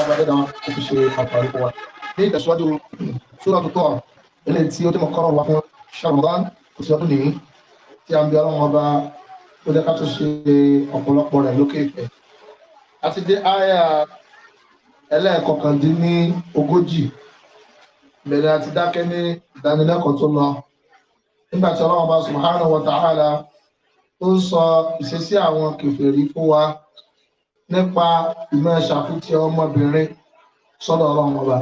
ọlọ́run náà ó fi ṣe àǹfààní fún wa ní ìtẹ̀síwájú sórí àtúntò eléyìí tí ó ti mọ kọ́rọ̀ wá fún ṣàmùlán kò sí ọdún nìyí tí a ń bí ọlọ́run ọba ó jẹ́ ká tó ṣe ọ̀pọ̀lọpọ̀ rẹ̀ lókè ìfẹ́ àti dé àyà ẹlẹ́ẹ̀kọkàndínní ogójì bẹ̀rẹ̀ àti dákẹ́ ní ìdánilẹ́kọ̀ọ́ tó lọ nígbà tí ọlọ́run ọba subhanahu wa ta'ala ó ń sọ ìṣesí àwọn kèfèrí fún wa nípa ìmọ̀ ṣàfihàn ọmọbìnrin sọ́dọ̀ ọlọ́run ọba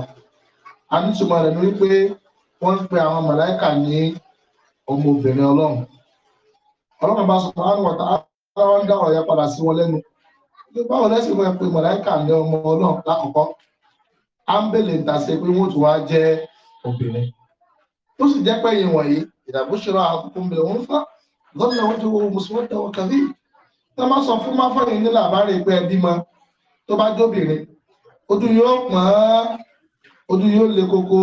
a ní túmọ̀ rẹ̀ ní wípé wọ́n ń pe àwọn màláìkà ní ọmọbìnrin ọlọ́run ọlọ́run bá sọ fún àwọn ọ̀tá wọ́n ń dá ọ̀rọ̀ yẹn padà sí wọn lẹ́nu pé báwo lẹ́sìn wọn pe màláìkà ní ọmọ ọlọ́run lákọ̀ọ́kọ́ ámbélé ń tàṣe pé wọ́n ti wá jẹ́ obìnrin ó sì jẹ́ pẹ́yìn wọ̀nyí ìdàgbòsọ̀rọ̀ àkókò ń bẹ̀rẹ̀ wọn fà lọ́nà wọn ti wo mùsùlùmí tó má sọ fún máfọyín ní làbárè pé ẹbí mọ tó bá jóbìnrin ojú yóò pọ́n ojú yóò le koko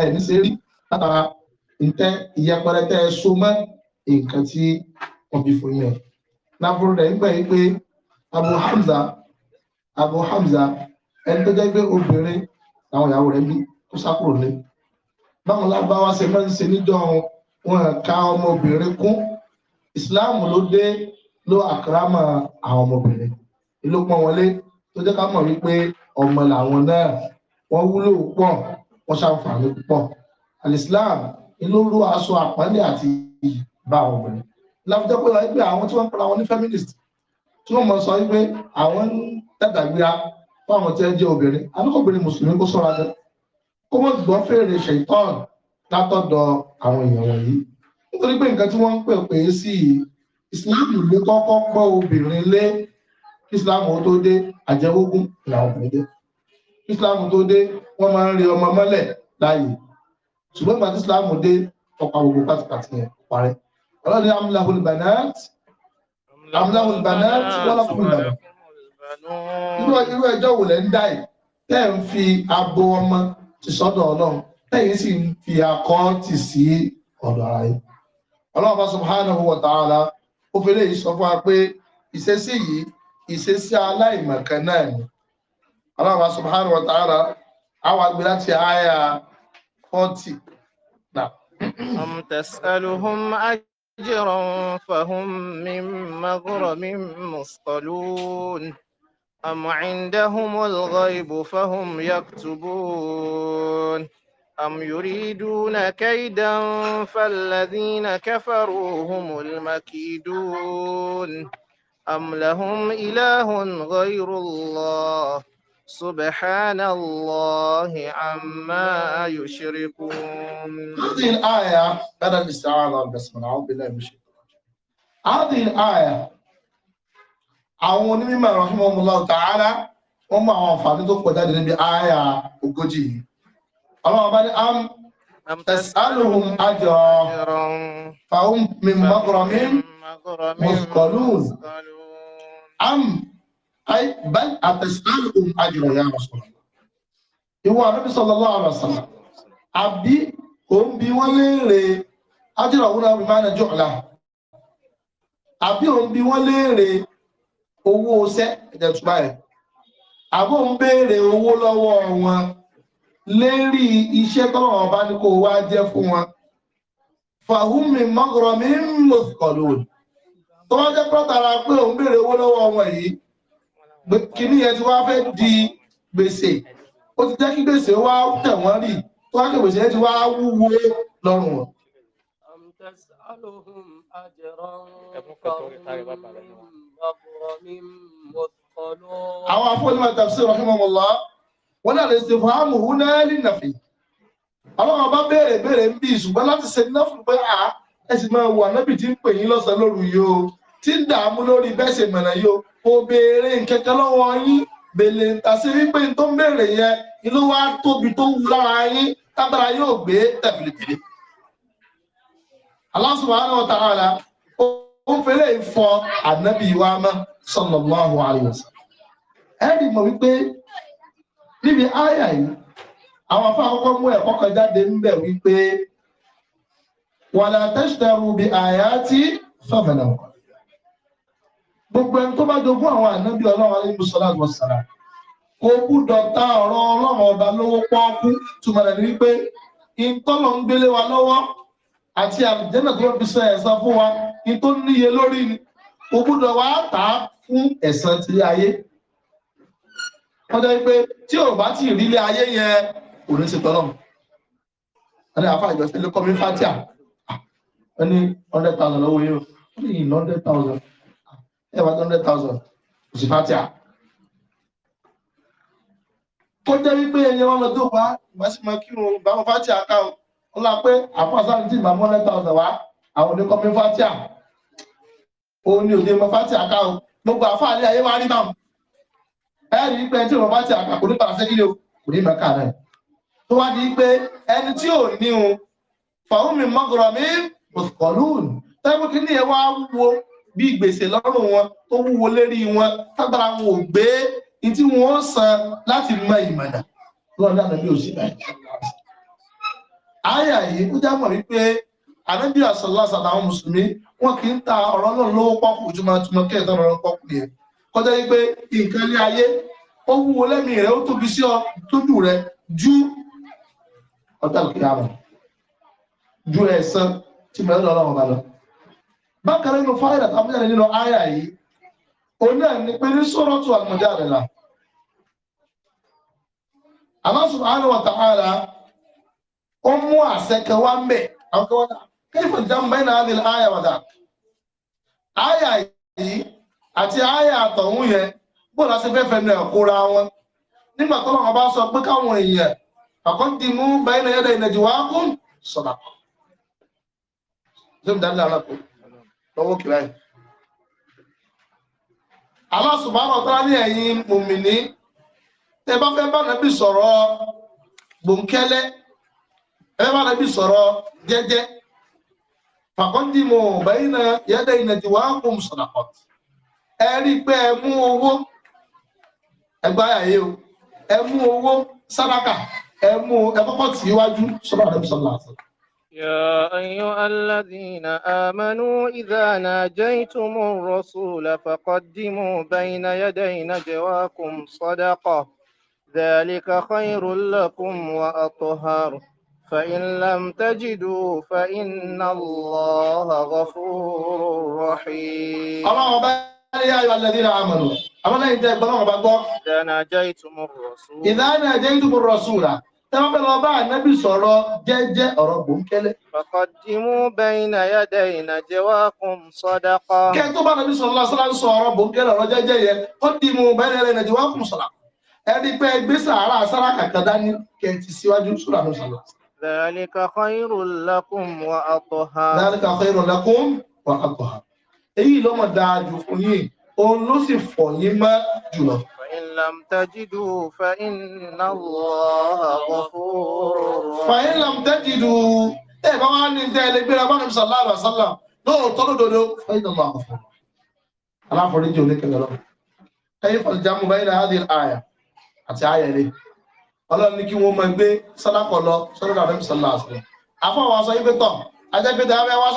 ẹ ní ṣe rí látara ntẹ ìyẹpẹrẹ tẹ ẹ so mọ́ nǹkan tí wọn bí fún yẹn láburú rẹ nígbà yìí pé Abu Hamza Abu Hamza ẹni tó jẹ́ pé obìnrin àwọn ìyàwó rẹ̀ bí tó sá kúrò ní báwọn lágbáwá ṣe máa ń ṣe níjọ́ wọn wọn ka ọmọbìnrin kún islam ló dé ló àkàràmọ àwọn ọmọbìnrin ìlú pọn wọlé tó jẹ́ ká mọ̀ wípé ọmọ làwọn náà wọ́n wúlò pọ̀ wọ́n ṣàǹfààní púpọ̀ alislam ìlú rú aṣọ àpọ́nlé àti bá àwọn obìnrin láfíjọ́ pé wípé àwọn tí wọ́n ń pera wọn ní feminist tí wọ́n mọ̀ sọ wípé àwọn ń dàdàgbéra fún àwọn tí wọ́n jẹ́ obìnrin àdúgbò mùsùlùmí kó sọ́ra jẹ kó mọ̀ gbọ́ fèrè ṣèitọ́ọ̀nù látọ̀dọ̀ àwọn èèyàn wọ̀nyí nítorí pé nǹkan tí wọ́n ń pè pé sí islam ló kọ́kọ́ pọ́ obìnrin lé islam tó dé àjẹwógún làwọn obìnrin dé islam tó dé wọ́n máa ń rí ọmọ mọ́lẹ̀ láàyè ṣùgbọ́n ìgbà tí islam dé ọ̀pá gbogbo pátápátá yẹn parẹ́ ọlọ́ni amúláhùn banat amúláhùn banat wọ́n lọ́kùnrin ìbàdàn irú ẹjọ́ wò lẹ́ ń dá yìí tẹ́ ń fi abo ọmọ ti sọ́dọ̀ ọlọ́run tẹ́yìn sì fi akọ́ tì sí ọ̀dọ̀ ara yìí ọlọ́ọ̀bá subhanahu wa ta'ala ó fi léyìí sọ fún wa pé ìṣesí yìí ìṣesí aláìmọ̀kan náà ni ọlọ́ọ̀bá subhanahu wa ta'ala àwọn àgbẹ̀ láti àyà 40 náà. أم تسألهم أجرا فهم من مغرم مثقلون أم عندهم الغيب فهم يكتبون أم يريدون كيدا فالذين كفروا هم المكيدون أم لهم إله غير الله سبحان الله عما يشركون هذه الآية أنا الاستعاذة بسم الله أعوذ بالله من هذه الآية أعوني مما رحمه الله تعالى وما mú àwọn àǹfààní tó pọ̀ jáde ọlọ́wọ́ bá ní am tẹ̀sánùhùn àjọ fàún mi mọ́kùrọ̀mí mọ́kùrọ̀lùn am bal àtẹ̀sánùhùn àjọ ya rọ̀sọ̀rọ̀ ìwọ àrẹ́bí sọlọ́lọ́ àrọ̀sọ̀ àbí òun bí wọ́n léèrè ájọ́ òun náà bí máa ń jọ̀ọ́lá àbí òun bí wọ́n léèrè owó ṣẹ́ ẹ̀jẹ̀ tó báyìí àbí òun béèrè owó lọ́wọ́ wọn lérí iṣẹ́ tọ́lọ̀ ọba ní kó wá jẹ́ fún wọn fàhúnmi mọ́gọ́rọ̀mí ń lò kọ̀lù tó wọ́n jẹ́ pọ́tara pé òun béèrè owó lọ́wọ́ wọn yìí kìíní yẹn ti wá fẹ́ di gbèsè ó ti jẹ́ kí gbèsè wá tẹ̀ wọ́n rì tó wá kí gbèsè yẹn ti wá wúwo lọ́rùn wọn. àwọn afọ́nimọ̀ tafsir rahimahullah wọ́n náà lè ṣe fún àmù hù náà lè nàfẹ́ àwọn ọba béèrè béèrè ń bí ṣùgbọ́n láti ṣe náà fún pé à ẹ sì máa wà nábì tí ń pè yín lọ́sàn-án lóru yìí o tí ń dààmú lórí bẹ́ẹ̀ ṣe mọ̀nà yìí o mo béèrè nkẹ́kẹ́ lọ́wọ́ yín bèlè àti wípé tó ń béèrè yẹn inú wa tóbi tó wù lára yín tábàrà yóò gbé tẹ̀fìlìfìlì. Allah subhanahu wa ta'ala ó ń fẹ́lẹ́ fọ ànábì wa mọ́ sallallahu alaihi wasallam. ẹ̀rì mọ̀ wípé níbi àyà yìí àwọn afá àkọ́kọ́ mú ẹ̀kọ́ kan jáde ń bẹ̀ wípé wàlà tẹ́sítẹ́rù bí àyà tí sọ̀fẹ̀nà gbogbo ẹni tó bá jogún àwọn ànábì ọlọ́run alẹ́ musọ́lá àgbọ̀sára kò gbúdọ̀ ta ọ̀rọ̀ ọlọ́run ọba lówó pọ́ọ́kú túmọ̀ rẹ̀ ní wípé ìtọ́lọ̀ ń gbélé wa lọ́wọ́ àti àlùjẹ́nà tó fi sọ ẹ̀san fún wa ní níye lórí ni kò gbúdọ̀ wá tà á fún ẹ̀san ti ayé wọ́n jẹ́ pé tí ò bá ti ìrílé ayé yẹn kò ní ṣe tọ́lọ́mù ẹni àfa ìjọsìn ló kọ́ mi fatia ẹni hundred thousand lọ́wọ́ yìí ó ní ìlú hundred thousand ẹ wá hundred thousand kò sí fatia. tó jẹ́ wípé ẹni wọn lọ tó wá ìgbà sí máa kírun báwọn fatia ká o ó la pé àfa sáré tí mú hundred thousand wá àwọn òní kọ́ mi fatia òun ni òní mọ fatia ká o gbogbo àfa àlẹ́ ayé wa rí báwọn ẹ̀rí pé tí wọ́n bá ti àkàkò nípa àṣẹ́kílẹ̀ kò ní mẹ́ka náà tó wá di pé ẹni tí ò ní un fàwọn mi mọ́gọ́rọ̀ mi mọ̀sùkọ̀lùn tẹ́gbọ́n kí ni ẹ wá wúwo bí gbèsè lọ́rùn wọn tó wúwo lérí wọn tágbára wọn ò gbé ní tí wọ́n san láti mọ ìmọ̀nà lọ́dọ̀ àdàbí òṣìlá àyà yìí ó já mọ̀ wípé àdàbí àṣọ lásàdà àwọn mùsùlùmí wọn kì í ta ọ̀rọ̀ náà lówó pọ́kù jùmọ̀ jùmọ̀ kẹ́ẹ̀tọ́ ọ̀rọ̀ pọ́kù yẹn kọjá yìí pé nǹkan ilé ayé ó wúwo lẹ́mí rẹ̀ ó tóbi sí ọ tójú rẹ̀ ju ọ̀tá òkè àmọ̀ ju ẹ̀san tí mo lọ́dọ̀ ọlọ́run ọba lọ. bákan nínú fáyidà tó amújáde nínú àyà yìí òun náà ní pé ní sọ̀rọ̀ tó àmọ̀já rẹ̀ là. Allah subhanahu wa ta'ala ó mú àṣẹ kan wá ń bẹ̀ àwọn kan wá dà kéfù jàm bẹ́ẹ̀ náà ní àyà wà àyà yìí àti àyà àtọ̀hún yẹn bóòlù láti fẹ́ fẹ́ nu ẹ̀kúra wọn nígbà tó lọ́wọ́ bá sọ pé káwọn èèyàn àkọ́ǹdì mú báyìí náà yẹ́dẹ̀ ìnàjì wá kún sọ̀dà kọ́. Jẹ́mi dáadáa lápò lọ́wọ́ kìlá yìí. Allah subhanahu wa ta'ala ní ẹ̀yin mùmìnì tẹ bá fẹ́ bá nàbí sọ̀rọ̀ gbòǹkẹ́lẹ́ ẹ bá nàbí sọ̀rọ̀ jẹ́jẹ́. Fàkọ́ǹdì báyìí náà yẹ́dẹ̀ ìnàjì wá kún sọ̀dà kọ́. pé ẹ mú owó ayé o ẹ mú owó ẹ mú ẹ kọ́kọ́ tì í wájú يا أيها الذين آمنوا إذا ناجيتم الرسول فقدموا بين يدي نجواكم صدقة ذلك خير لكم وأطهر فإن لم تجدوا فإن الله غفور رحيم يا أيها الذين آمنوا أمنا إن تقبلون بقى إذا ناجيتم الرسول إذا ناجيتم الرسول tẹ́wọ́n bẹ̀rẹ̀ ọba ànábì sọ̀rọ̀ jẹ́jẹ́ ọ̀rọ̀ gbòǹkẹ́lẹ́. fàkọ̀dìmú bẹ́yìnà yàdẹ̀ ìnàjẹ́wà kún sọ́dákọ́. kí ẹ tó bá ànábì sọ̀rọ̀ lásán ẹni pé ẹgbẹ́ sàárà sára kàkà dání kẹ́ ti síwájú sùrà ló sọ̀rọ̀. dhalika khayrun lakum wa athaha. dhalika khayrun lakum wa athaha èyí ló mọ̀ dáa jù fún yín òun ló sì fọ̀ yín mọ́ jùlọ. فإن لم تجدوا فإن الله غفور فإن لم تجدوا ẹ bá wá ní ìdá ẹlẹgbẹ́ rẹ̀ bá ní sallallahu alaihi wasallam lóòótọ́ lódodo fẹ́yìn lọ́wọ́ àkọ́fọ́ aláforíjì oníkẹ̀kẹ́ lọ ẹyìn fọ̀lìjàmù báyìí náà adìl àyà àti àyà ilé ọlọ́run ní kí wọ́n máa gbé sọ́lápọ̀ lọ sọ́dọ̀ àbẹ́mùsọ̀lá àṣẹ àfọwọ́ sọ ibi tọ̀ ajẹ́gbẹ́dẹ́ abẹ́ wá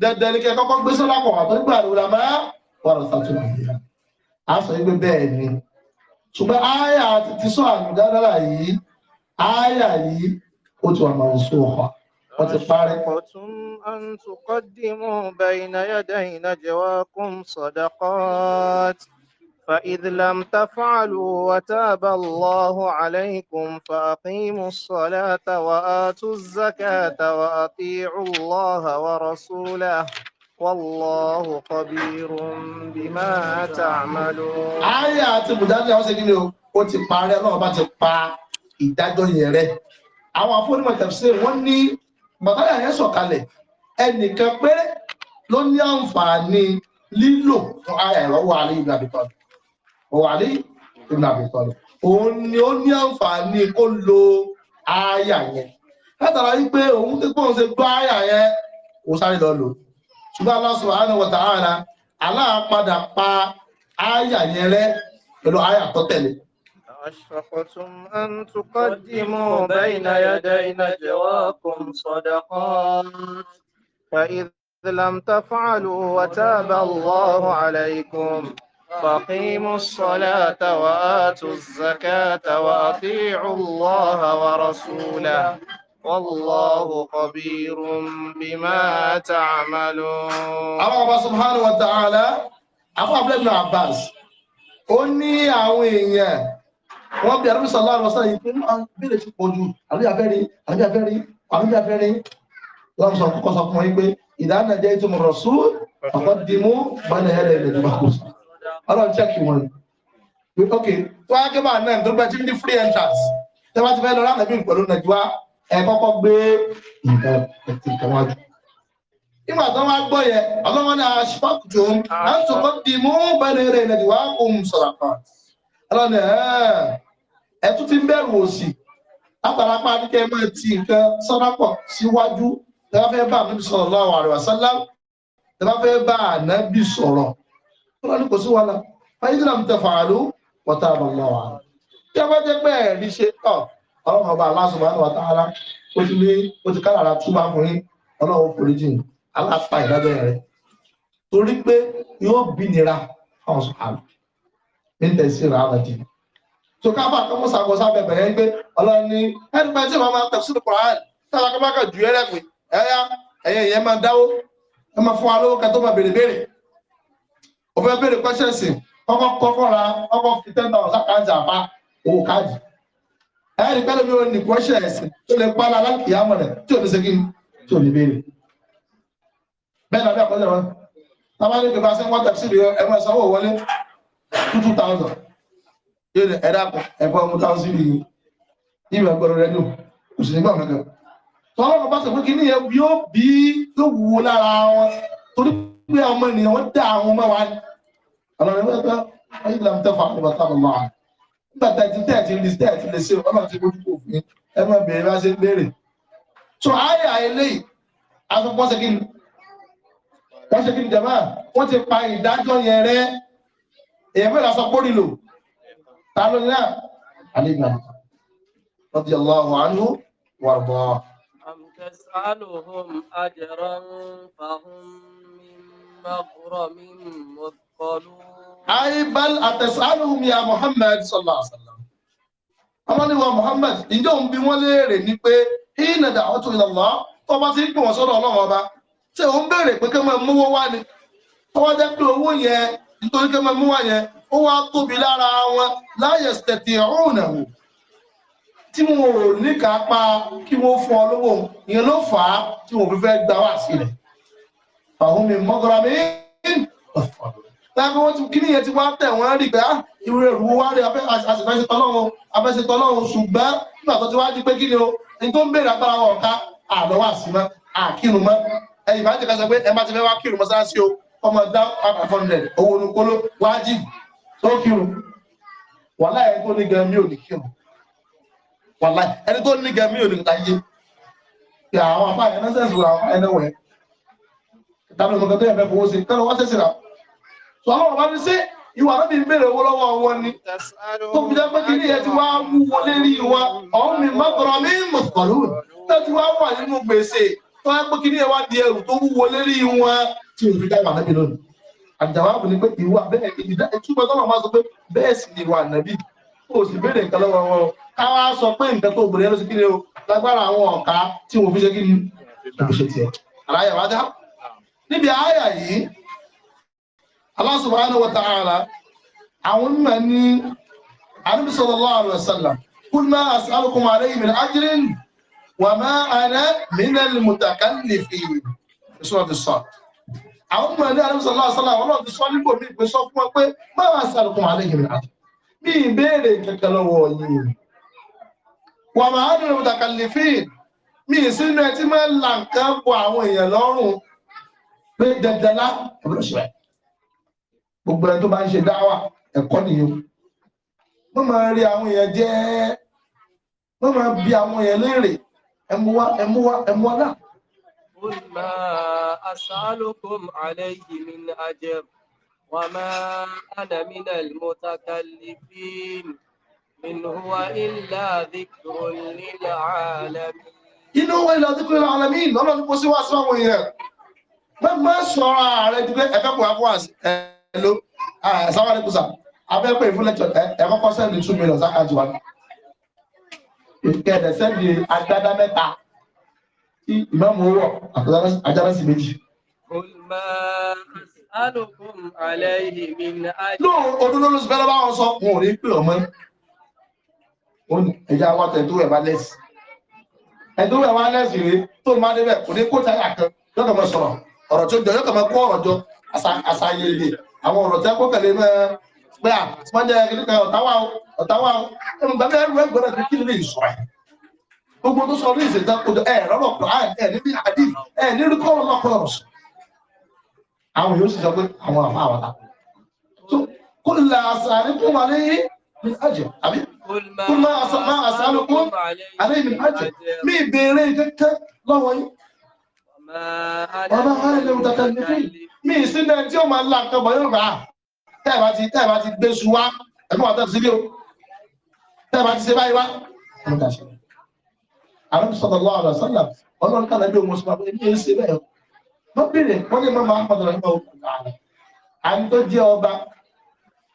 dandan ní kẹ kọ́kọ́ gbé sọ́lá kọ̀ wà tó gbà lóra má wàrọ̀ sàtúnà yìí a sọ yìí pé bẹ́ẹ̀ ni ṣùgbọ́n àyà ti sọ àmì dáadáa yìí àyà yìí ó ti wà máa ń sọ ọ̀hán wọ́n ti parí. ọ̀tún an tuqaddimu bayna yaday najwakum sadaqat. فإذ لم تفعلوا وتاب الله عليكم فأقيموا الصلاة وآتوا الزكاة وأطيعوا الله ورسوله والله خبير بما تعملون àyá tí bùdájọ́ àwọn ṣe kí ni o ó ti parí ọlọ́run bá ti pa ìdájọ́ yẹn rẹ àwọn afọ́nimọ̀ tafsir wọ́n ní bàtàlà yẹn sọ̀kalẹ̀ ẹnìkan péré ló ní àǹfààní lílò fún àyà ìrọ̀wọ́ alẹ́ ìlú àbíkọ́dù wàlí ibn Abi Talib òun ni ó ní àǹfààní kó lo àyà yẹn látara wípé òun tó gbóhùn ṣe gbọ́ àyà yẹn ó sáré lọ lò ṣùgbọ́n Allah subhanahu wa aláàpadà pa àyà yẹn rẹ pẹ̀lú àyà tó tẹ̀lé. أشفقتم أن تقدموا بين يدي نجواكم صدقات فإذا لم تفعلوا وتاب الله عليكم فاقيموا الصلاة وآتوا الزكاة وأطيعوا الله ورسوله والله خبير بما تعملون الله سبحانه وتعالى afọ́ abúlé ibn abbas ó ní àwọn èèyàn wọ́n bí arúgbó sọ̀lá àrùn sọ̀rọ̀ yìí pé máa bèèrè ti pọ̀jù àríyá fẹ́rí àríyá fẹ́rí àríyá fẹ́rí lọ́wọ́ sọ kọ́kọ́ sọ fún wọn pé ìdáná jẹ́ ìtumọ̀ rọ̀ sùn ọ̀pọ̀ dìímú bá ní ẹ̀rẹ̀ ìrẹ̀lẹ̀ bá kó sùn ọlọ́run check wọn ok tó wá kébà náà tó gbẹ́tí ní free entrance tó bá ti fẹ́ lọ láti bí pẹ̀lú nàìjíríà ẹ kọ́kọ́ gbé nǹkan wájú ìgbà tó wá gbọ́ yẹ ọlọ́wọ́n ní aṣọ́kùtù láti kọ́ di mú bẹ̀rẹ̀ rẹ̀ nàìjíríà òun sọ̀rọ̀ kan ọlọ́run ẹ tún ti ń bẹ̀rù òsì látàrápá ní kẹ́ mọ́ ti nǹkan sọ́dápọ̀ síwájú tẹ́lá bá fẹ́ bá ànábì wọ́n ní kò sí wàhálà ayédèrè àmì tẹ̀fà àlú wọ́tá àbàmọ́ wa tí a bá jẹ́ pé ẹ̀rí ṣe tọ̀ ọlọ́run ọba Allah subhanahu wa ta'ala ó ti lé ó ti kálára túbà fún yín ọlọ́run foríjì aláta ìdájọ́ rẹ̀ torí pé yóò bí nira fáwọn sọ̀hálà ní tẹ̀sí rà àbàdì tó ká bá kọ́mọ́ sàkóso abẹ́bẹ̀ yẹn pé ọlọ́run ní ẹni o fẹ́ béèrè question sí kọ́kọ́ kọ́kọ́ ra kọ́kọ́ fi ten thousand káàdì àpá owó káàdì ẹ̀rí pẹ́lú mi ò ní question ẹ̀sìn tó lè pa ara láti ìyàmọ̀ rẹ̀ tí ò ní ṣe kí tí ò ní béèrè bẹ́ẹ̀ ni àbí àkọsílẹ̀ wọn tábà ní pípa sẹ́ńwọ́n tẹ̀sí rẹ̀ ẹ̀rọ ìsanwó wọlé two two thousand yóò ní ẹ̀dá ẹ̀fọ́ ọmọ thousand yìí ìwé ẹgbẹ̀rún rẹ̀ dùn kò sì ní gbà kankan tọ́lọ́mọ bá sọ pé kí ni yẹn yóò bí yóò wúwo lára wọn torí gbé ọmọ ènìyàn wọ́n dá àwọn ọmọ wa ní ọlọ́run ẹgbẹ́ pé ayé ah, ìlànà tẹ́fà ní bàtà bàbá nígbà tá ti tẹ́ẹ̀ ti lè ṣe ọmọ ti bójú kò fún ẹ má bèèrè bá ṣe ń béèrè so ayé àìlèyìí àtúpọ̀ ṣe kí ni wọ́n ṣe kí ni jàmáà wọ́n ti pa ìdájọ́ yẹn rẹ́ èèyàn mẹ́ta sọ pé nílò ta ló ní náà alẹ́ ìgbàlá rọ́bì allahu anhu wàrùbọ̀. àmì kẹsàn-án lòhùn àjẹrán fàhùn. المغرم مثقلون أي بل أتسألهم يا محمد صلى الله عليه وسلم ọmọdé wa Muhammad ǹjẹ́ òun bí wọ́n léèrè ni pé hínà dàwọ́tò ìlànà tọ́ba ti ń pè wọ́n sọ́dọ̀ ọlọ́run ọba ṣé òun béèrè pé kí wọ́n mówó wá ni tọ́wọ́ jẹ́ pé owó yẹn nítorí kí wọ́n mú wá yẹn ó wá tóbi lára wọn láyè tẹ̀tẹ̀ ọ̀hún ẹ̀wò tí wọn ò ní kápá kí wọ́n fún ọ lówó ìyẹn ló fà á tí wọn ò fi fẹ́ gbà wá sílẹ̀ fàhùnmi mọ́gọ́rámì láàbí wọ́n ti kí nìyẹn ti wá tẹ̀ wọ́n rí pé ah, irú ẹ̀rù wá rí afẹ́sẹ̀tọ́lọ́run afẹ́sẹ̀tọ́lọ́run ṣùgbọ́n nígbà tó ti wá di pé kí ni o ní tó ń béèrè agbára wọn ká àlọ́wọ́ àsìmọ́ àkírun mọ́ ẹ̀yìn bá ti kẹsọ pé ẹ bá ti fẹ́ wá kírun mọ́sáàsì o ọmọ dá five hundred owó onukolo wájì tó kírun wàhálà ẹni tó ní gan mi ò ní kírun wàhálà ẹni tó ní gan mi ò ní láyé àwọn afáàyàn náà sẹ́sùn dábìlì kankan tó yẹ fẹ́ fowó sí kálọ wá sẹ́sì rà tó àwọn bàbá mi sí ìwà rẹ́bí ń bèrè owó lọ́wọ́ wọn ni tó fi jẹ́ pé kí ní ẹ ti wá wú wọlé rí wa ọ̀hún mi mọ́tọ̀rọ̀ mi mọ̀tọ̀lù tó ti wá wà nínú gbèsè tó yẹ pé kí ní ẹ wá di ẹrù tó wú wọlé rí wọn tí o fi dáìmọ̀ ànábì lónìí àjàwábù ni pé ìwà bẹ́ẹ̀ ìdídá ìtúbọ̀ tó máa sọ pé bẹ́ẹ̀ sì ni ìwà ànábì o sì béèrè nǹkan lọ́wọ́ wọn káwá sọ pé nǹkan tó obìnrin ló ti kí ni o lágbára àwọn ọ̀ka tí wọ́n fi ṣe kí ni òbí ṣe tiẹ̀ àráyà wájá níbi àyà yìí Allah subhanahu wa ta'ala àwọn onímọ̀ ní Ànábì sallallahu alaihi wasallam qul ma as'alukum alayhi min ajrin wa ma ana minal mutakallifin ìṣúná ti sọ àwọn ọmọ ẹni àrùn sọlá sọlá àwọn ọlọ́run ti sọ nígbò mí pé máa sàrùkùn àlejò náà bí mi ìsinú ẹ tí máa ń la àwọn èèyàn lọ́rùn pé dandan lá ẹ̀bùrọ̀ ṣe báyìí gbogbo ẹni tó bá ń ṣe dáwà ẹ̀kọ́ nìyẹn wọ́n máa rí àwọn èèyàn jẹ́ wọ́n máa bi àwọn èèyàn léèrè ẹmu wá ẹmu wá ẹmu wá náà. قل ما أسألكم عليه من أجر وما أنا من المتكلفين إن هو إلا ذكر للعالمين. إن هو إلا ذكر للعالمين. lọ́nà ni mo ṣe má má sọ̀rọ̀ ààrẹ ju pé ẹ̀fẹ́ kò wá fún àṣẹ ẹ̀ ló àṣàwọn ẹ̀kú sà abẹ́pẹ́ ìfún lẹ́tọ̀ ẹ̀ kọ́kọ́ sẹ́ndì two million sákàtì wa kẹ̀dẹ̀ sẹ́ndì agbádá mẹ́ta tí ìmọ̀mù wọ̀ àjárásì méjì. lóò odúló ló sọfẹ́ lọ́wọ́ sọ wọn ò ní pè ọmọ ẹja wa tẹ̀ tó ẹ̀ bá lẹ́sì ẹ̀ tó ẹ̀ wá lẹ́sì rèé tó máa débẹ̀ kò ní kó táyà kan lọ́dọ̀ mọ́ sọ̀rọ̀ ọ̀rọ̀ tó jọ yóò kàn máa kó ọ̀rọ̀ jọ àṣàyàn èdè àwọn ọ̀rọ̀ tí a kó kẹ̀lé mọ́ pé à wọ́n jẹ́ kíní kan ọ̀táwà o ọ̀táwà o ẹnu bàbá ẹrú ẹgbẹ̀rún ẹ̀dùn kí ni lè sọ ẹ̀ gbogbo tó sọ ní ìṣèjọ kojú ẹ̀ rọ́rọ̀ kọ́ ẹ̀ níbi àdì ẹ̀ nírí kọ́ ọ̀rọ̀ kọ́ ọ̀rọ̀ àwọn yóò sì sọ pé àwọn àmọ́ àwọn ta so kó la àṣàrí kó wà ní min ajẹ́ àbí kó má àṣàrí kó wà ní min ajẹ́ mí ìbéèrè kẹ́kẹ́ lọ́wọ́ yìí ọba alẹ́ mùtàkàlẹ́fì mí ìsílẹ̀ tí ó máa ń la nǹkan bọ̀ yóò rà á tẹ́ẹ̀bá ti tẹ́ẹ̀bá ti gbé su wá ẹ̀fún àtọ́ sí bí o tẹ́ẹ̀bá ti ṣe báyìí wá ọmọdàṣẹ́ àwọn ìṣọ̀tọ̀ lọ́wọ́ àrà sálà ọlọ́run kàlẹ́ bí òun sọ pé ní èsì bẹ́ẹ̀ mọ́ bèrè wọ́n ní mọ́mọ́ àpàdàrà nípa òkun ààrẹ àmì tó jẹ́ ọba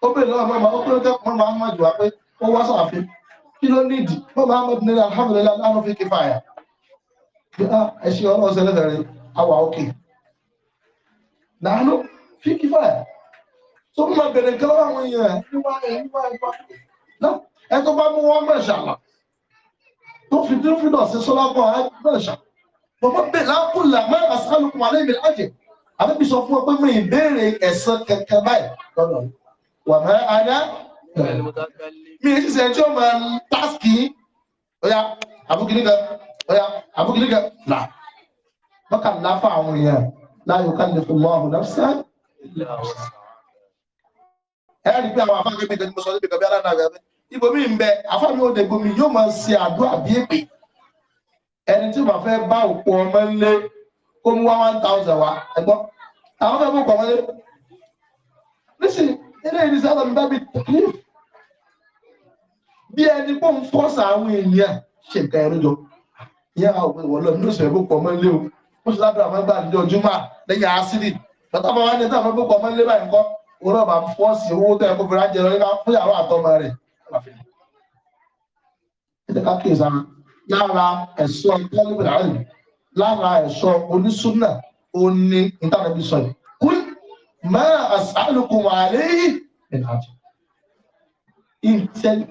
ó bèrè lọ́wọ́ mọ́mọ́ ó pé Ah, ẹṣin ọlọ́run sẹlẹ̀sẹ̀ rẹ̀ àwà òkè nàánú fi kí fáyà tó mọ̀ bẹ̀rẹ̀ nǹkan lọ́wọ́ àwọn èèyàn ẹ̀ níwá ẹ̀ níwá ẹ̀ pa náà ẹ tó bá mú wọn mẹ̀ṣàlá tó fi dín fi náà sí sọ́lápọ̀ ẹ̀ mẹ̀ṣà bọ̀bọ̀ bẹ̀ lápùlà mẹ́ àsálùkùn alẹ́ mi lájẹ̀ àbẹ́bí sọ fún ọ pé mi ìbéèrè ẹ̀sán kẹkẹ báyìí lọ́dọ̀ wà mẹ́ adá mi ìṣiṣẹ́ tí ó máa ń tásìkì ó yá ọ̀yà àbúkìlíkà là mọ́kà ńlá fún àwọn èèyàn láyò ká lè fún mọ́ ọ̀hún lọ́sẹ̀ ẹ rí i pé àwọn afáàgbé mi kẹ́ni mo sọ níbi kẹ́bí aláǹdà rẹ̀ ibo mi ń bẹ afáàgbé òde gbomi yóò máa ṣe àdúrà bí èpè ẹni tí màá fẹ́ bá òkú ọmọ ńlẹ̀ kó mú wá one thousand wá ẹgbọ́n àwọn fẹ́ mú òkú ọmọ ńlẹ̀ níṣì ilé ìdísẹ́ àtàmì bá mi tẹ̀lé bí ẹni pọ̀ ń fọ́sà àwọn èèyàn ṣe nǹkan ẹ̀rọ jọ yẹ àwọn ìwọ̀n lọ nínú ìṣẹ̀lẹ̀ pọ̀ mọ́lé o ó ṣe ládùúrà máa ń gbà níjọ júmọ́ lẹ́yìn àásìrì bàtà máa wá ní ẹ̀dá máa pọ̀ mọ́lé báyìí kọ́ òun náà máa fọ́ọ̀sì owó tó yẹ kó fira jẹ lọ nípa fún yàrá àtọmọ rẹ̀ ẹ̀dẹ̀ká kí ìsára lára ẹ̀ṣọ́ ìtọ́lùbìláàrì lára ẹ̀ṣọ́ onísúnà oní ìtànàbí sọ̀rọ̀ kún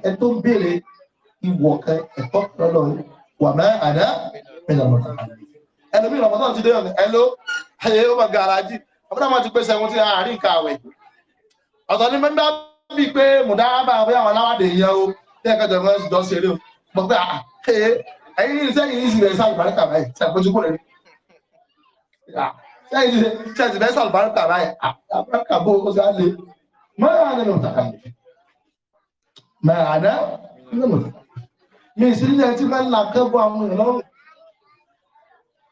ẹ̀tọ́ béèrè ìwọ̀kan wà mẹ́ àná mílíọ̀nù ẹlòmí Ramadan ti dé ẹlò ayé ó gàràjì ọ̀pọ̀lọpọ̀ àwọn ti pèsè ẹ̀wọ̀n tí àárín kàwé ọ̀tọ̀ ní mẹ́mbà bíi pé mùdárábà bí àwọn aláwàdé yẹn o bí ẹ̀kọ́ jọ mọ́ ìdọ́ sí eré o mọ̀ pé àkèé ah, ẹ̀yìn ní sẹ́yìn ní ìsìn rẹ̀ sàlùbáríkà báyìí sàkójúkú rẹ̀ sẹ́yìn ah, ní sẹ́yìn rẹ̀ sàlùbáríkà báyìí àbáríkà ah, bó o sá lé mẹ́rin àná mi ìsìnlẹ̀ tí máa ń là kẹ́bọ̀ àwọn èèyàn lọ́rùn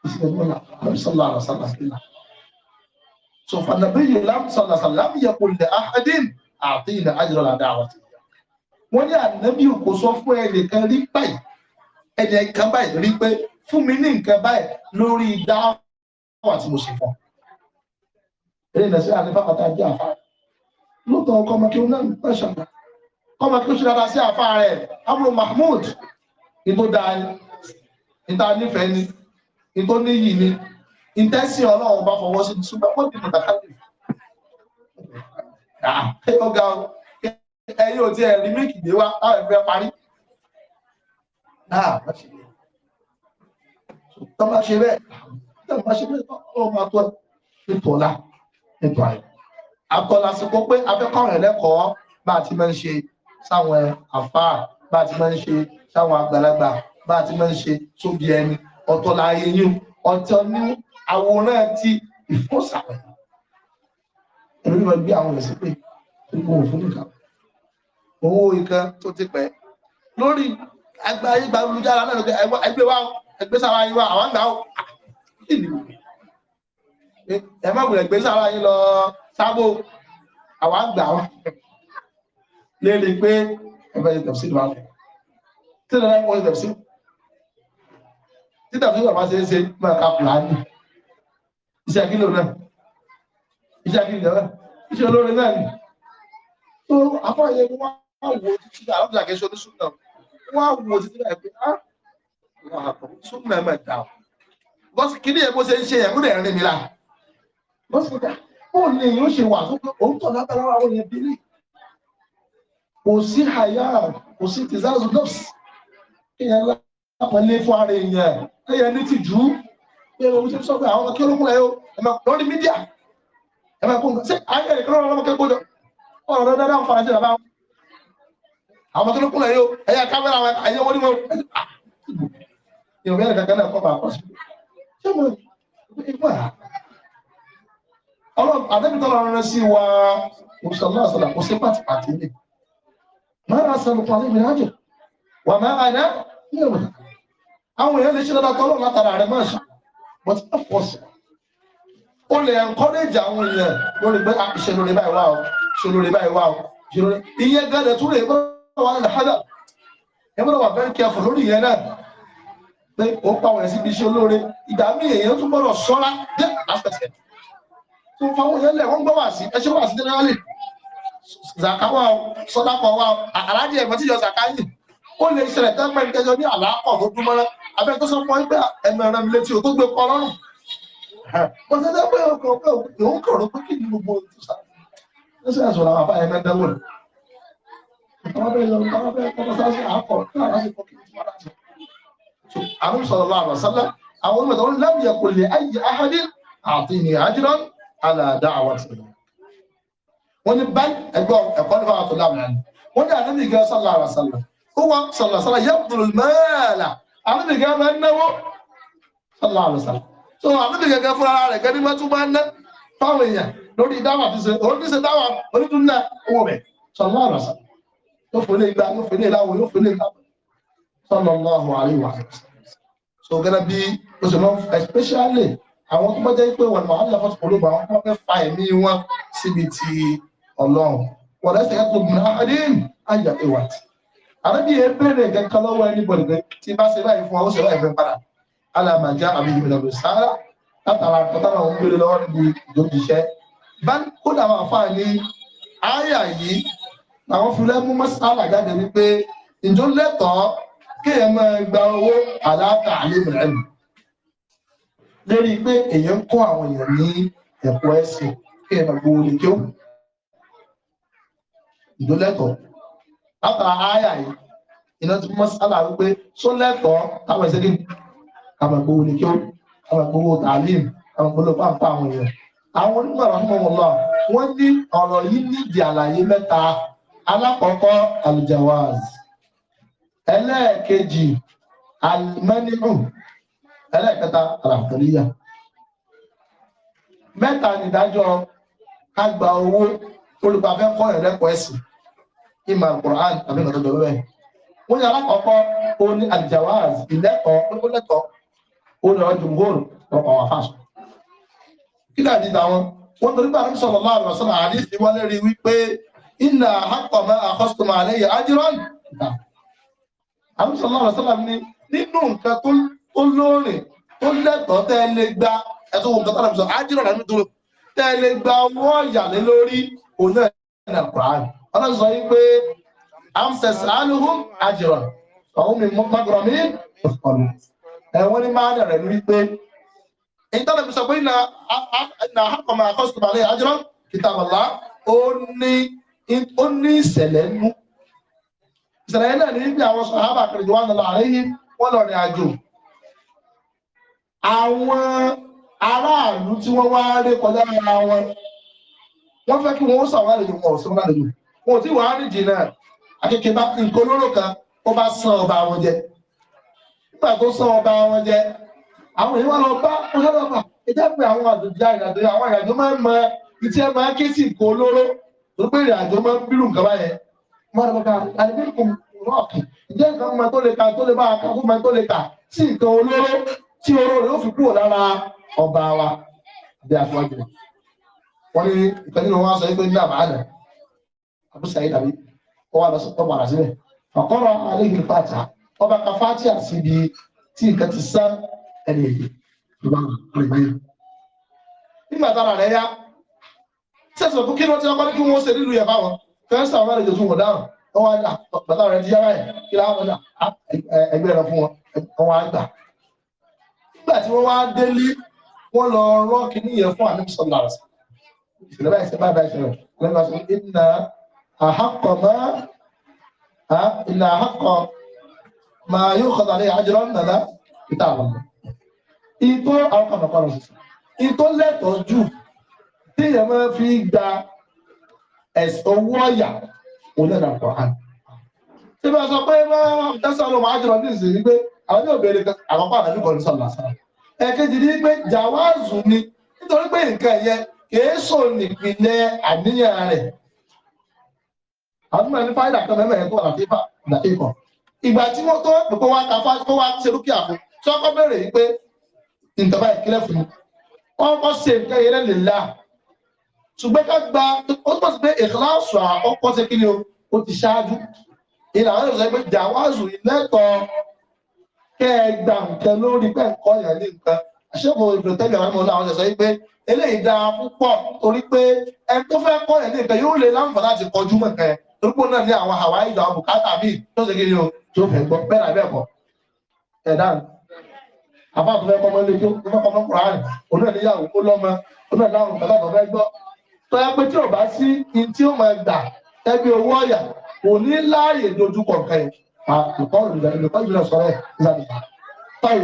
ìsìnlẹ̀ mọ́lá àbísọ́lá àrọ̀sálà sílà sọ̀fà nàbí yìí lámsọ̀lá sàlámì yẹ kò lè áhádìm àti ilẹ̀ ájọ́ làdá àwọn ti wọ́n ní ànábì kò sọ fún ẹnìkan rí báyìí ẹnìkan báyìí rí pé fún mi ní nǹkan báyìí lórí dáwà tí mo ṣe fún eré ìdásílẹ̀ àlefàkàtà jẹ́ àfáà lóòótọ́ ọkọ̀ ọmọ kí ó náà ń pẹ̀ṣọ̀ náà kọ́mọ kí ó ṣe dáadáa sí àfa rẹ̀ Abdul Mahmood ìtò dáa ìta nífẹ̀ẹ́ ni ìtò níyì ni ìtẹ́sí ọlọ́run bá fọwọ́ sí ṣùgbọ́n ó dìbò dàkàlẹ̀. ọgá ẹ̀yin ò tiẹ̀ rí mílíkì dé wá táwọn ẹ̀fẹ́ parí. tọ́ba ṣe bẹ́ẹ̀ tọ́ba ṣe bẹ́ẹ̀ ọlọ́run máa tọ́ ètò ọ̀la ètò àyè. àtọ̀làsìkò pé afẹ́kọ̀ọ́ rẹ̀ lẹ́kọ̀ọ́ bá a ti máa ń ṣe sáwọn àfáà bá a ti máa ń ṣe sáwọn àgbàlagbà bá a ti máa ń ṣe sóbi ẹni ọ̀tọ̀ láàyè yín ọ̀tọ̀ ní àwòrán ti ìfọ́sàwẹ̀ èmi ló gbé àwọn ẹ̀sìn pé gbogbo òfin nìkan owó ikan tó ti pẹ́ lórí agbáyé gbalujára náà lókè ẹgbẹ́ wa ẹgbẹ́ sára yín wa àwọn àgbà ó ẹ má wùlẹ̀ gbé sára yín lọ sábò àwọn àgbà wa lérí pé ẹ̀fẹ́ ṣe tẹ̀sí ló àfẹ́ tí ìlànà ẹ̀kọ́ ṣe tẹ̀sí tí tẹ̀sí bàbá ṣe é ṣe máa ka pùlánì iṣẹ́ kí ló náà iṣẹ́ kí ló náà iṣẹ́ olórin náà ni tó afọ́yẹ ni wọ́n á wo títí náà àwọn ìlàkẹ́ṣẹ́ oníṣùn náà wọ́n á wo títí náà pé á ah, wọ́n á kọ̀ sún náà mẹ́ dà bọ́sì kìíní yẹn bó ṣe ń ṣe yẹn kó lè rìn mí la bọ́sì kìíní yẹn bó ní yóò ṣe wà tó pé òun tọ̀ lábẹ́ lára àwọn yẹn bí lẹ́yìn kò sí àyà kò sí tìzáàzù lọ́pùsì èèyàn lápẹ̀lẹ́ fún ara èèyàn èèyàn ní tìjú pé ohun tí ó sọ pé àwọn ọmọ kí olókùn rẹ̀ yóò ẹ̀mọ̀ lórí mídíà ẹ̀mọ̀ kò sí ayé ẹ̀kọ́ lọ́wọ́ ọmọ kẹ́kọ̀ọ́ jọ ọ̀rọ̀ rẹ̀ dáadáa fún àjẹ́ bàbá àwọn tó lókùn rẹ̀ yóò ẹ̀yà kámẹ́rà ayé wọ́n ní wọn ìròyìn ẹ̀rẹ̀ kankan náà kọ́ bá kọ́ sí ṣé mo ìgbà ọlọ́run àdébìtọ́ lọ́rọ̀ rẹ̀ sí wa òṣèlú àṣàlà kò sí pàtìpàtì nìkan ما أسألك عليه من أجر وما أنا من المتكلم àwọn èèyàn lè ṣe dáadáa tọ́lọ́ látara rẹ̀ máa ṣe but of course o lè encourage àwọn èèyàn lórí pé ṣe lórí báyìí wá o ṣe lórí báyìí wá o ṣe lórí ìyẹn gẹ́gẹ́ tún lè gbọ́dọ̀ wà nílẹ̀ hádà ẹ gbọ́dọ̀ wà very careful lórí ìyẹn náà pé ó pa wọ̀nyẹn síbi iṣẹ́ olóore ìgbà mí èèyàn tún gbọ́dọ̀ ṣọ́ra dé aspect tó fáwọn èèyàn lẹ̀ wọ́n gbọ́ wà sí ẹ ṣe wà sí generally zaka wà o sọdákọ̀ wà o aláàjì ẹ̀gbọ́n tí yọ zaka yìí ó lè ṣẹlẹ̀ tẹ́pẹ́ ìtẹ́jọ́ ní àlàkọ̀ tó dúmọ́ rẹ abẹ́ tó sọ fún ọ pé ẹ̀mọ ẹ̀rọ mi létí o tó gbé pọ́ lọ́rùn mo ṣe tẹ́ pé ọkọ̀ pé òun kọ̀rọ̀ pé kí ni gbogbo ohun tó sá ló ṣe àṣọ làwọn àbáyẹ mẹ́tẹ́ wò àwọn sọ̀rọ̀ lọ́wọ́ àbàsálà àwọn olùmọ̀tò lẹ́mìí ẹ̀kọ́ lè ayé ahadin àti ìnìyàn àjírán wọ́n ní báyìí ẹgbẹ́ ẹ̀kọ́ ní báwa tó láàmì àná wọ́n ní àdébì gẹ́ sọ́lá ara sọ́lá ó wá sọ́lá sọ́lá yẹ kùrù mẹ́ẹ̀lá àdébì gẹ́ máa ń náwó sọ́lá ara sọ́lá so àdébì gẹ́ gẹ́ fúnra rẹ̀ gẹ́ ní mẹ́tú máa ń fáwọn èèyàn lórí dáwà ti ṣe òun ṣe dáwà onídùn náà owó rẹ̀ sọ́lá ara sọ́lá yóò fún ilé igbá yóò fún ilé ìlàwọ̀ yóò fún ilé ìlàwọ̀ sọ́lá ọmọ àríwá so gẹ́gẹ́ bí especially àwọn tó bá jẹ́ pé wọ́n máa ń lọ́kọ́ tó polówó àwọn tó bá fẹ́ fa ẹ̀mí wọn síbi ti ọlọ́run wọ̀lẹ́sẹ̀ ẹ̀kọ́ gbìnà àdín àyà ìwàtí àbẹ́bí ẹ bẹ̀rẹ̀ kankan lọ́wọ́ ẹni bọ̀dẹ̀ pé tí bá ṣe báyìí fún ọ ó ṣe báyìí fún padà alàmàjá àbí ìgbìmọ̀ lọ́dọ̀ sáárà látara àkọ́tà náà ń gbére lọ́wọ́ níbi ìdójúṣẹ́ bá kódà àwọn àfáà ní àyà yìí làwọn fi lẹ́mú mọ́sálà jáde wípé ìjọ lẹ́tọ̀ọ́ kéèyàn máa gba owó àlàáfà àlébù ẹ̀mù lérí pé èèyàn ń kọ́ àwọn èèyàn ní ẹ̀kọ́ ẹ̀sìn kéèyàn máa gbowó lè kí ó ìdólẹ́tọ̀ látara ááyà yìí iná ti mọ́ sálà wípé só lẹ́tọ̀ táwọn ẹ̀sẹ̀ kí káwọn ìpowó ní kí ó káwọn ìpowó tàlíìm káwọn ìpolówó pàǹpà àwọn èèyàn àwọn onímọ̀ rahmanullah wọ́n ní ọ̀rọ̀ yìí nídìí àlàyé mẹ́ta alákọ̀ọ́kọ́ aljawaz ẹlẹ́ẹ̀kejì alimẹ́nìrù ẹlẹ́ẹ̀kẹta àlàkùnríyà mẹ́ta nìdájọ́ ká gba owó olùgbàfẹ́ kọ́ ẹ̀rẹ́kọ̀ọ́ ẹ̀sìn ìmọ̀ Quran àbí nǹkan tó jọ bẹ́ẹ̀. wọ́n yàrá kọ̀ọ̀kọ́ ó ní aljawaz ìlẹ́kọ̀ọ́ ó lẹ́kọ̀ọ́ ó lọ́ọ́ jùmọ́r lọ́kọ̀ wà fáṣọ. kí ni àdìdà wọn wọn torí bá àrùn sọ̀rọ̀ láàrùn sọ̀rọ̀ àdìsí wọlé rí wípé ìnà àkọ́ mọ́ àkọ́sùtùmọ̀ àlẹ́ yìí ájírọ́n. àrùn sọ̀rọ̀ láàrùn sọ̀rọ̀ ní nínú nǹkan tó lóòrìn tó lẹ́tọ̀ọ́ tẹ́ lè gba ẹ̀tọ́ òun kọ́tà lọ́sọ̀ àmì dúró tẹ́ lè gba owó lé lórí òun náà ọlọ́run sọ yí pé amstes aluhum ajra ọ̀hún mi mọ́ gbàgbọ́rọ̀ mi ọ̀nà ẹ̀wọ́n ní máa dẹ̀rẹ̀ lórí pé ìtọ́lẹ̀ mi sọ pé ìnà àkọ́mọ àkọ́sùtùmọ̀lẹ̀ ajra kìtàbọ̀lá ó ní ìṣẹ̀lẹ̀ mú ìṣẹ̀lẹ̀ náà ní bí àwọn sọ̀hábà kìrìjọ wà lọ́la àríyìn wọ́n lọ rìn àjò àwọn aráàlú tí wọ́n wá rí kọjá ara wọn wọ́n fẹ́ kí wọ́n sàwọn àlejò wọn sí wọn àlejò wọn ò tí wàá rìn jìnnà akéèké bá nǹkan olóró kan ó bá san ọba wọn jẹ nígbà tó san ọba wọn jẹ àwọn èèyàn wọn lọ bá wọn lọ bá ẹjẹ pé àwọn àjòjì àìrìnàjò àwọn àìrìnàjò máa ń mọ ìtí ẹ máa ké sí nǹkan olóró tó pé ìrìnàjò máa ń bírù nǹkan báyẹn wọn lọ bá àdébíkù rọọkì ìjẹ nǹkan máa tó lè ka tó lè máa ka kó máa tó lè kà sí nǹkan olóró tí oró rẹ ó fi kúrò lára ọba wa bí a fọwọ́ jù wọn ní ìpẹ́jù ni wọ́n á sọ pé ní àbáyà Abu Sa'id àbí ọwọ́ àlọ́sọ tọ́mọ àrà síbẹ̀ fàkọ́rọ̀ alayhi fatiha ọba ka fatiha sí ibi tí nǹkan ti sá ẹni èyí ló bá rẹ̀ báyà. nígbà tára rẹ̀ yá sẹ́sọ̀ fún kí wọ́n ti ọkọ́ kí wọ́n ṣe nílùú yẹn báwọn fẹ́ẹ́ sàwọn ẹ̀rọ ìjọsìn wọ̀dá wọn wá gbà bàtà rẹ̀ ti yára ẹ̀ kí láwọn ọjà ẹgbẹ́ rẹ̀ fún wọn wọn wá gbà. nígbà tí wọ́n wá délé wọ́n lọ rọ́ọ̀kì níyẹn fún àdébísọ̀ أحق ما ها إن أحق ما يؤخذ عليه أجرا ماذا؟ كتاب الله ìtò àwọn kàmàkàrà ìtò lẹ́tọ̀ọ́ jù téèyàn máa fi gba owó ọ̀yà onídàá kọ̀ọ̀kan. tí bá sọ pé máa tẹ́sán ló máa jùlọ ní ìsìn pé àwọn yóò béèrè àkọ́kọ́ àdájú kan ní sọ̀rọ̀ lásán. ẹ̀kejì ni pé jàwáàzù ni nítorí pé nǹkan ẹ̀yẹ kìí sọ nípìnlẹ̀ àníyàn rẹ̀ àdúgbò ní fáìlà kan mẹ́mẹ́ ẹ̀kọ́ làtífà làtíkọ̀ ìgbà tí wọ́n tó pé wá ta fáìlà pé wá ṣe dúkìá fún tí wọ́n kọ́ béèrè yìí pé ìjọba ìkílẹ̀ fún wọn kọ́ ṣe nǹkan yẹn lè la ṣùgbọ́n ká gba ó tó pé ìkíláàsù àkọ́kọ́ ṣe kí ni o ti ṣáájú ìlà àwọn ìṣẹ̀lẹ̀ pé jàwáàzù ìlẹ́tọ̀ kẹ́ ẹ gba nǹkan lórí pé nǹkan yẹn ní nǹkan àṣẹ́kù ìgbòtẹ́gbẹ̀ àwọn ọmọ ṣẹ̀ṣọ́ yìí pé eléyìí dáa púpọ̀ torí pé ẹni tó fẹ́ kọ́ yẹn ní nǹkan yóò lè láǹfà láti kọjú mọ̀ nǹkan yẹn torípò náà ní àwọn hawaii àwọn bùkátà míì tó ṣe kiri o tó fẹ́ gbọ́ bẹ́ẹ̀ náà bẹ́ẹ̀ kọ́ ẹ̀ dáàbò àbá tó fẹ́ kọ́ ọmọ ilé tó fẹ́ kọ́ ọmọ kùrán òun náà níyàwó ó lọ́mọ òun náà láwọn bàbá tó fẹ́ gbọ́ tó yẹ pé tí ò bá sí in tí ó máa gbà ẹbí owó ọ̀yà kò ní láàyè dojú kọ nǹkan yìí àkùkọ olùkọ́ ìjìnlẹ̀ sọ̀rọ̀ ẹ̀ ìlànà táyì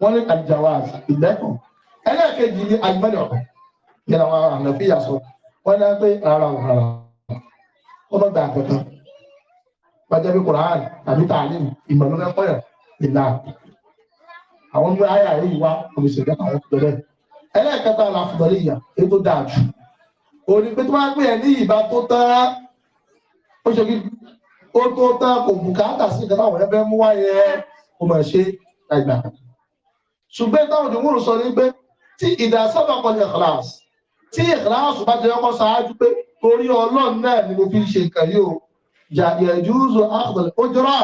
wọ́n ní àjàwà ìgbẹ́kọ̀ ẹlẹ́ẹ̀kejì ni àjùmọ̀lẹ̀ ọ̀kọ̀ yẹn àwọn àmì wọ́n dá pé ara ò hàrà ó bá gbà kankan bàjẹ́ bí kùránì àbí tààlìm ìmọ̀lúmẹ́ pọ̀yà ìlà àwọn mú àyà yìí wá olùsèlú àwọn ìpínlẹ̀ ẹlẹ́ẹ̀kẹta làfùdọ́lẹ̀ ìyà èyí tó dáa jù òní pé tó bá pè ẹ́ ní ìbá tó tán ó ṣe kí ó tó tán kò bùkátà sí ìkẹta àwọn ẹgbẹ́ mú wáyé kò mọ̀ ṣe àgbà ṣùgbọ́n táwọn òjò sọ ní pé tí ìdá sábà kọjá kíláàsì tí ìkìláàsù bá jẹ́ ọkọ̀ sáájú pé torí ọlọ́run náà ni mo fi ń ṣe nǹkan yìí o yẹ̀júùsù àkùdà ó jọra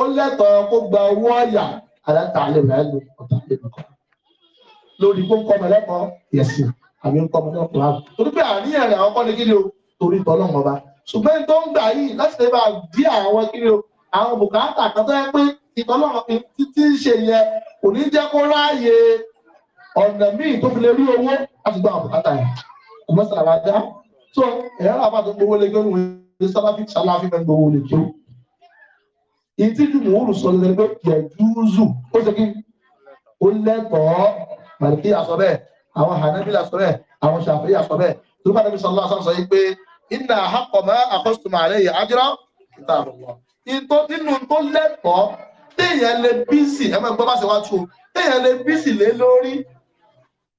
ó lẹ́tọ̀ọ́ kó gba owó ọ̀yà alátàálẹ̀ ìrẹ́lú ọ̀tàálẹ̀ nìkan lórí kó kọ́ mẹ́lẹ́kọ̀ọ́ yẹ̀sìn àbí ń kọ́ mẹ́lẹ́kọ̀ọ́ ààbò torí pé àníyàn rẹ̀ ọkọ́ ni kí ni o torí tọ́lọ́mọ bá ṣùgbọ́n tó ń gbà yìí láti lè máa dí àwọn kí ni o àwọn bùkátà kan tó yẹ pé ìtọ́lọ́mọ fi títí ń ṣe yẹ kò ní jẹ́ kó ráàyè ọ̀nà míì tó fi lè rí owó láti gbọ́ àwọn bùkátà yẹn kò mọ́ sàràdá tó ẹ̀rọ àbájọ gbowó lé gbẹ́rù ní sàlàfí sàlàfí mẹ́ gbowó lé tó. ìtí ju mòórù sọ lẹ́nu pé yẹ̀júzù ó ṣe kí ó lẹ́tọ̀ọ́ màlìkí àsọ bẹ́ẹ̀ àwọn hànábìlà sọ bẹ́ẹ̀ àwọn ṣàfihàn sọ bẹ́ẹ̀ tó bá nàbí sọlá sọ yìí pé iná àkọ́mọ́ àkọ́sùmọ̀ àlẹ́ yìí ájúrọ́ ìta àbọ̀wọ̀. ìtò nínú tó lẹ́tọ̀ọ́ téèyàn lè bísì ẹ̀mọ́ ẹ̀gbọ́n bá ṣe wá tu téèyàn lè bísì lé lórí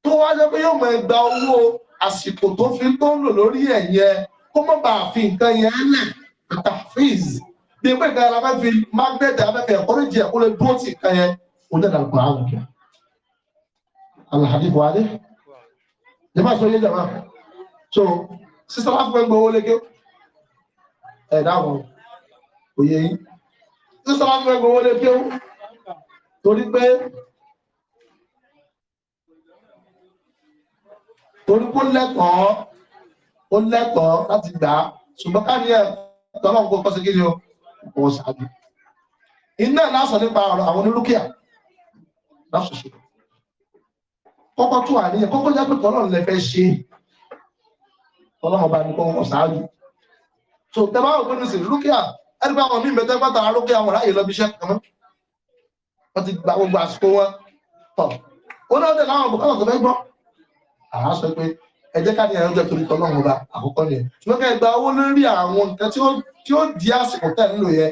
tó wá pé yóò mọ̀ ẹgbà owó àsìkò tó fi tó ń lò lórí ẹ̀ yẹn kó mọ̀ bá fi nǹkan yẹn lẹ̀ àtàfíìs bí pé nǹkan yẹn la fẹ́ fi magnet abẹ́fẹ́ ẹ̀kọ́rẹ́jì ẹ̀kọ́ lè dúró tì nǹkan yẹn ó dẹ̀ dàgbà àwọn kẹ́ alahadi buhari jẹ́mọ́ àti oyè jẹ́mọ́ so sísọ láti fẹ́ gbowó lékè ẹ̀ dáhùn òye yìí sísọ láti fẹ́ gbowó lékè torí pé. torí kó lẹ́kọ̀ọ́ ó lẹ́kọ̀ọ́ láti gbà á ṣùgbọ́n káàní ẹ̀ tọ́lọ́run kó kọ́sí kíni o kò ṣáájú iná lásán nípa ọ̀rọ̀ àwọn onírúkìá lásòṣù kọ́kọ́ tún àníyàn kọ́kọ́ jẹ́ pé tọ́lọ́run lè fẹ́ ṣe tọ́lọ́run bá ní kó wọ́n ṣáájú tó tẹ́lá òpin ní sí rúkìá ẹni pé àwọn míì mẹ́tẹ́ pátá rúkìá wọn ráyè lọ bí iṣẹ́ kan wọ́n ti gba gbogbo àsìkò wọn tọ̀ ó náà tẹ̀lé àwọn bùkátà tó àwọn sọ pé ẹ jẹ́ káàdì ẹ̀rọ jẹ́ torí tọ́lọ́run ọba àkọ́kọ́ ni ẹ̀ ṣùgbọ́n ká gba owó lórí àwọn nǹkan tí ó di àsìkò tẹ̀ ń lò yẹ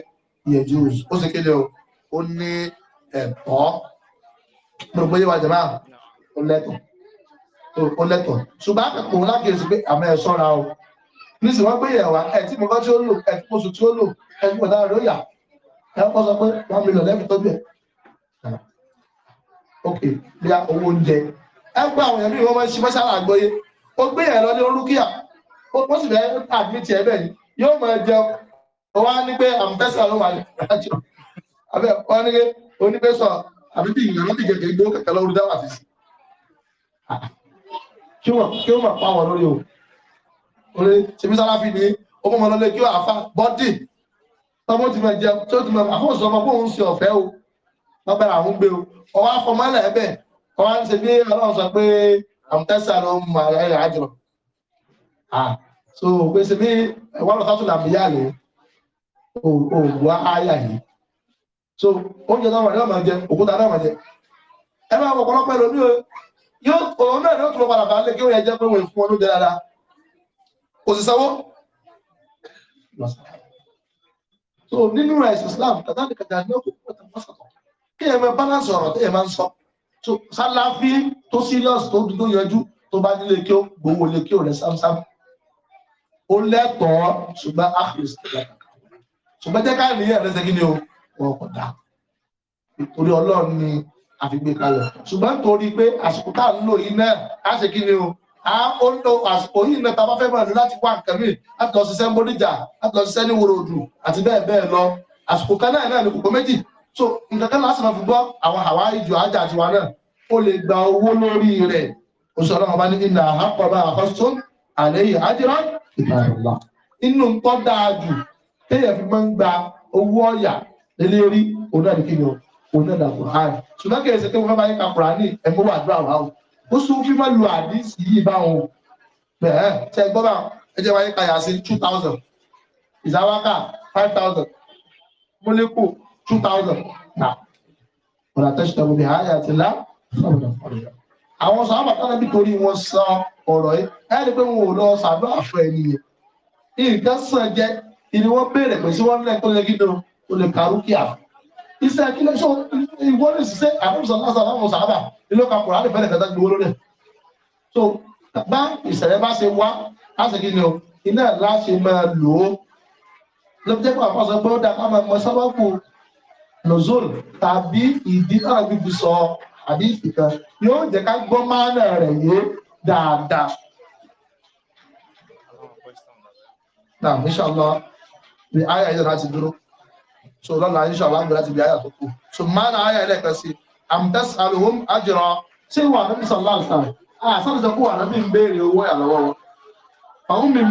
ìyẹn Jews ó ṣe kéde o ó ní ẹ̀tọ́ gbogbo yẹ wa jẹ máa ó lẹ́tọ̀ ó lẹ́tọ̀ ṣùgbọ́n àkàkọ́ lákèésí pé àmọ́ ẹ̀ sọ́ra o nísìnyí wọ́n gbé yẹ̀ wá ẹ̀ tí mo kọ́ tí ó lò ẹ̀ tí mo sùn tí ó lò ẹ̀ tí mo dára ló yà ẹ̀ kọ́ sọ pé one million lẹ́fì ok bí a owó ẹgbẹ́ àwọn ẹ̀mí wọn máa ń ṣe mọ́ṣálà àgbọ́yé ó gbé yẹn lọ ní orúkíà ó sì fẹ́ àdmìtì ẹ̀ bẹ́ẹ̀ yóò máa jẹun ó wá ní pé àmùtẹ́sà ló wà ní ìdájọ́ abẹ́ wọn ní onígbésọ̀ àbí bí ìyàn láti gẹ̀gẹ̀ gbó kẹ̀kẹ́ lọ́rú dáwà sí ah, kí ó máa pa wọn lórí o orí ṣèbí sáláfì ní ọmọ ọmọ lọlé kí ó àfa bọ́dì tọmọ ti máa jẹun tí ó ti máa àfọ̀sọ́ ọmọ bóun ṣe ọ̀fẹ́ o lọ́bẹ̀rẹ̀ àwọn gbé o ọwọ́ afọmọ́lẹ̀ ẹ̀bẹ̀ wọ́n wá ń ṣe bí ọlọ́run sọ pé àmútẹ́sà ló ń mọ ẹ̀rẹ̀ àjọ so pé ṣe bí wọ́n lọ sátúlà bí yáà lè òògùn àyà yìí so oúnjẹ náà wọ̀nyí ọmọ jẹ òkúta náà wọ̀ jẹ ẹ máa wọ̀ pọ̀lọpọ̀ ẹlòmí o yóò òun náà ni ó tún padà bá lé kí ó yẹ jẹ́ pé wọ́n fún wọn lóúnjẹ dáadáa kò sì sanwó so nínú ẹ̀sìn Islam tàbí kàtà ní ọkọ̀ kí ẹ máa balance ọ̀rọ̀ tí ẹ máa ń sọ sálàfí tó serious tó dúdú yanjú tó bá nílé kí ó gbowó lé kí ó rẹ sámsám ó lẹ́tọ̀ọ́ ṣùgbọ́n áfíìsì tó yàtọ̀ ṣùgbọ́n jẹ́ ká ìrìn ẹ̀rẹ́ ṣẹ́gi ni ó wọ́n kò dá torí ọlọ́run ni àfigbé kalẹ̀ ṣùgbọ́n torí pé àsìkò tá à ń lò yìí náà á ṣe ni o a ó ń lo àsìkò yìí náà tá a bá fẹ́ mọ̀ láti wá nǹkan mìíràn láti lọ ṣiṣẹ́ ń bódìjà láti lọ ṣiṣẹ́ ní wòròdù àti bẹ́ẹ̀ bẹ́ẹ̀ lọ àsìkò kan náà náà ni kòkó méjì so nǹkan kan lásìkò fi gbọ́ àwọn hawaii ju ajá tiwa náà ó lè gba owó lórí rẹ̀ òṣèlú ọba ní iná àkọ́bá àkọ́sọ́ àlẹ́yìn àjẹrán ìbáraẹ̀lá inú ń tọ́ dáa jù téèyàn fi máa ń gba owó ọ̀yà lélẹ́ orí òun náà ní kí o òun náà dàgbò ààrẹ ṣùgbọ́n kí ẹsẹ̀ tó fẹ́ bá yín ka kùránì ẹ̀mọ́ wà dúrà wà o ó sún fí má lu àdísì yìí bá wọn o bẹ́ẹ̀ ṣe gbọ́ bá ẹ jẹ́ wáyé kàyà sí two thousand ìsáwákà five thousand mólẹ́kù two thousand now ọ̀nà tẹ́sí tàbí bí ayé àti lá sọ̀rọ̀ ọ̀rọ̀ àwọn sọ̀rọ̀ àbàtàlẹ̀ bí torí wọn sọ ọ̀rọ̀ yìí ẹni pé wọn ò lọ sàdó àfọ ẹni yẹn nǹkan sàn jẹ ìní wọn béèrè pé sí wọn lẹ tó lè gídó tó lè karú kí àfọ iṣẹ kí lè ṣe ìwọ lè ṣiṣẹ àkóso náà sàdó àwọn sàdó ìlú kan kùrọ̀ àdìfẹ́ nìkan tó lórí ẹ̀ so bá ìṣẹ̀lẹ̀ bá ṣe wá láti kí ni o iná láti máa lò ó lọ́pọ̀ jẹ́ pé àwọn sọ pé ó dá ká máa mọ sábà kù nozol tàbí ìdí náà gbígbí sọ àdífì kan yóò jẹ́ ká gbọ́ mánà rẹ̀ yé dáadáa. náà inṣàlá bí àyà yìí láti dúró so lọ́la inṣàlá ń gbé láti bí àyà tó kù so mánà àyà yìí lẹ́ẹ̀kan sí amdas aluhum ajra ṣé ìwà àdébísọ̀ láǹtà àṣàlùsọ̀kù àdébí ń béèrè owó ìyàlọ́wọ́ wọn. àwọn mi